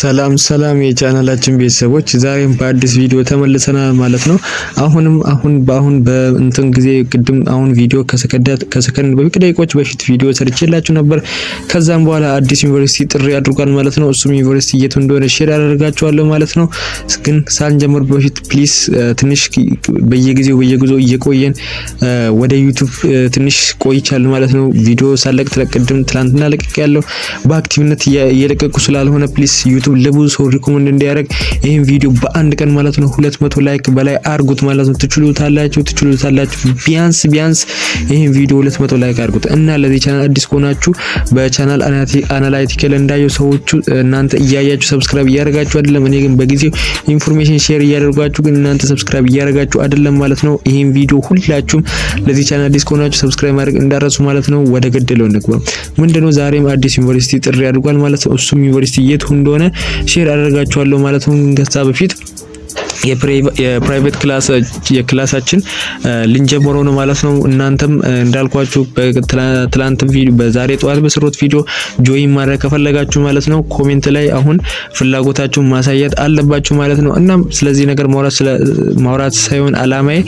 ሰላም ሰላም የቻናላችን ቤተሰቦች ዛሬም በአዲስ ቪዲዮ ተመልሰናል ማለት ነው። አሁንም አሁን በአሁን በእንትን ጊዜ ቅድም አሁን ቪዲዮ ከሰከንድ በፊት ደቂቆች በፊት ቪዲዮ ሰርቼላችሁ ነበር። ከዛም በኋላ አዲስ ዩኒቨርሲቲ ጥሪ አድርጓል ማለት ነው። እሱም ዩኒቨርሲቲ የት እንደሆነ ሼር ያደርጋችኋለሁ ማለት ነው። ግን ሳንጀምር በፊት ፕሊስ ትንሽ በየጊዜው በየጊዜው እየቆየን ወደ ዩቱብ ትንሽ ቆይቻለሁ ማለት ነው። ቪዲዮ ሳለቅ ቅድም ትላንትና ለቅቅ ያለው በአክቲቭነት እየለቀቁ ስላልሆነ ፕሊስ ዩቱብ ለብዙ ሰው ሪኮመንድ እንዲያደርግ ይህን ቪዲዮ በአንድ ቀን ማለት ነው ሁለት መቶ ላይክ በላይ አርጉት ማለት ነው። ትችሉታላችሁ ትችሉታላችሁ። ቢያንስ ቢያንስ ይህን ቪዲዮ ሁለት መቶ ላይክ አርጉት እና ለዚህ ቻናል አዲስ ከሆናችሁ በቻናል አናላይቲካል እንዳየው ሰዎቹ እናንተ እያያችሁ ሰብስክራይብ እያደረጋችሁ አይደለም። እኔ ግን በጊዜው ኢንፎርሜሽን ሼር እያደርጓችሁ ግን እናንተ ሰብስክራይብ እያደረጋችሁ አይደለም ማለት ነው። ይህን ቪዲዮ ሁላችሁም ለዚህ ቻናል አዲስ ከሆናችሁ ሰብስክራይብ ማድረግ እንዳረሱ ማለት ነው። ወደ ገደለው እንግባ። ምንድነው ዛሬም አዲስ ዩኒቨርሲቲ ጥሪ አድርጓል ማለት ነው። እሱም ዩኒቨርሲቲ የት እንደሆነ ሼር አደርጋችኋለሁ ማለት ነው። ከዛ በፊት የፕራይቬት ልን ልንጀምረው ነው ማለት ነው። እናንተም እንዳልኳችሁ በትላንት በዛሬ ጠዋት በስሮት ቪዲዮ ጆይን ማድረግ ከፈለጋችሁ ማለት ነው ኮሜንት ላይ አሁን ፍላጎታችሁን ማሳየት አለባችሁ ማለት ነው። እና ስለዚህ ነገር ማውራት ሳይሆን አላማዬ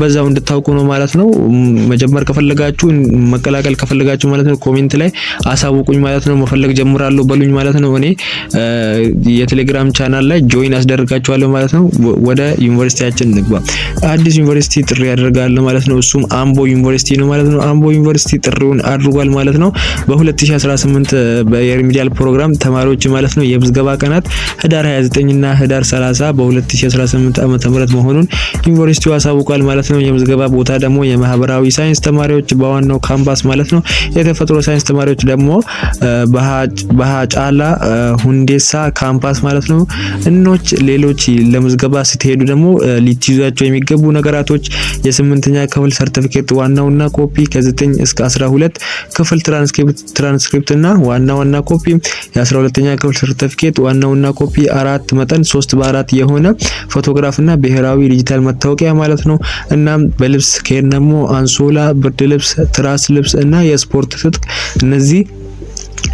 በዛው እንድታውቁ ነው ማለት ነው። መጀመር ከፈለጋችሁ መቀላቀል ከፈለጋችሁ ማለት ነው ኮሜንት ላይ አሳውቁኝ ማለት ነው። መፈለግ ጀምራለሁ በሉኝ ማለት ነው። እኔ የቴሌግራም ቻናል ላይ ጆይን አስደርጋችኋለሁ ማለት ነው። ወደ ዩኒቨርሲቲያችን እንግባ። አዲስ ዩኒቨርሲቲ ጥሪ ያደርጋል ማለት ነው። እሱም አምቦ ዩኒቨርሲቲ ነው ማለት ነው። አምቦ ዩኒቨርሲቲ ጥሪውን አድርጓል ማለት ነው። በ2018 በየሪሚዲያል ፕሮግራም ተማሪዎች ማለት ነው የምዝገባ ቀናት ህዳር 29 እና ህዳር 30 በ2018 ዓ.ም መሆኑን ዩኒቨርሲቲው አሳውቋል ማለት ነው። የምዝገባ ቦታ ደግሞ የማህበራዊ ሳይንስ ተማሪዎች በዋናው ካምፓስ ማለት ነው። የተፈጥሮ ሳይንስ ተማሪዎች ደግሞ በሀጫላ ሁንዴሳ ካምፓስ ማለት ነው። እኖች ሌሎች ለምዝገባ ጋር ስትሄዱ ደግሞ ሊትይዟቸው የሚገቡ ነገራቶች የስምንተኛ ክፍል ሰርቲፊኬት ዋናውና ኮፒ ከ9 እስከ 12 ክፍል ትራንስክሪፕት እና ዋና ዋና ኮፒ የ12ኛ ክፍል ሰርቲፊኬት ዋናውና ኮፒ አራት መጠን 3 በአራት የሆነ ፎቶግራፍና እና ብሔራዊ ዲጂታል መታወቂያ ማለት ነው። እናም በልብስ ከሄድ ደግሞ አንሶላ፣ ብርድ ልብስ፣ ትራስ ልብስ እና የስፖርት ትጥቅ እነዚህ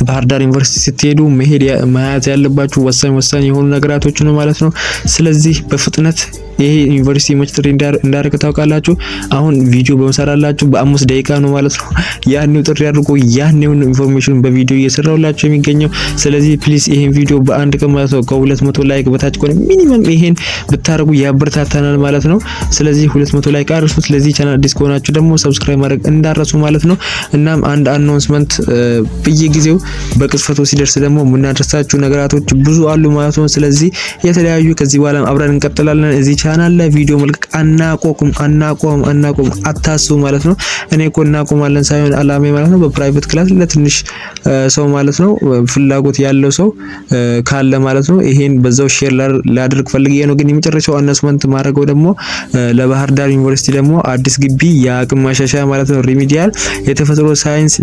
ባህር ዳር ዩኒቨርሲቲ ስትሄዱ መሄድ መያዝ ያለባችሁ ወሳኝ ወሳኝ የሆኑ ነገራቶች ነው ማለት ነው። ስለዚህ በፍጥነት ይሄ ዩኒቨርሲቲ መች ጥሪ እንዳደረገ ታውቃላችሁ? አሁን ቪዲዮ በመሰራላችሁ በአምስት ደቂቃ ነው ማለት ነው። ያኔው ጥሪ አድርጎ ያኔው ኢንፎርሜሽን በቪዲዮ እየሰራውላችሁ የሚገኘው። ስለዚህ ፕሊስ ይሄን ቪዲዮ በአንድ ቀን ማለት ነው ከሁለት መቶ ላይክ በታች ከሆነ ሚኒመም ይሄን ብታደርጉ ያበረታታናል ማለት ነው። ስለዚህ ሁለት መቶ ላይክ አድርሱት። ስለዚህ ቻናል አዲስ ከሆናችሁ ደግሞ ሰብስክራይብ ማድረግ እንዳረሱ ማለት ነው። እናም አንድ አናውንስመንት በየጊዜው በቅጽፈቱ ሲደርስ ደግሞ የምናደርሳችሁ ነገራቶች ብዙ አሉ ማለት ነው። ስለዚህ የተለያዩ ከዚህ በኋላ አብረን እንቀጥላለን እዚህ ቻናል ላይ ቪዲዮ መልቀቅ አናቆቁም አናቆም አናቆም አታስቡ ማለት ነው። እኔ እኮ እናቆማለን ሳይሆን አላማ ማለት ነው በፕራይቬት ክላስ ለትንሽ ሰው ማለት ነው ፍላጎት ያለው ሰው ካለ ማለት ነው ይሄን በዛው ሼር ላድርግ ፈልጌ ነው። ግን የመጨረሻው አናስመንት ማድረገው ደግሞ ለባህር ዳር ዩኒቨርሲቲ ደግሞ አዲስ ግቢ የአቅም ማሻሻያ ማለት ነው ሪሚዲያል የተፈጥሮ ሳይንስ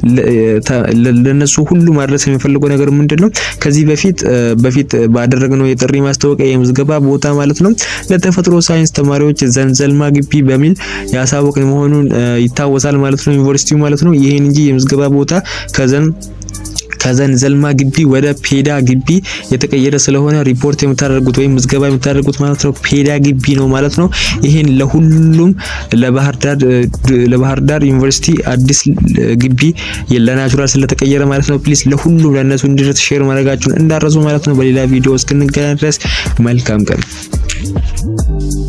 ለነሱ ሁሉ ማድረስ የሚፈልገው ነገር ምንድን ነው? ከዚህ በፊት በፊት ባደረግነው የጥሪ ማስታወቂያ የምዝገባ ቦታ ማለት ነው ለተፈጥሮ የተፈጥሮ ሳይንስ ተማሪዎች ዘንዘልማ ግቢ በሚል ያሳወቀ መሆኑን ይታወሳል ማለት ነው። ዩኒቨርሲቲው ማለት ነው። ይሄን እንጂ የምዝገባ ቦታ ከዘን ከዘንዘልማ ግቢ ወደ ፔዳ ግቢ የተቀየረ ስለሆነ ሪፖርት የምታደርጉት ወይም ምዝገባ የምታደርጉት ማለት ነው ፔዳ ግቢ ነው ማለት ነው። ይሄን ለሁሉም ለባህር ዳር ዩኒቨርሲቲ አዲስ ግቢ ለናቹራል ስለተቀየረ ማለት ነው። ፕሊስ ለሁሉም ለነሱ እንዲደርስ ሼር ማድረጋችሁን እንዳረሱ ማለት ነው። በሌላ ቪዲዮ እስክንገናኝ ድረስ መልካም ቀን Thank you.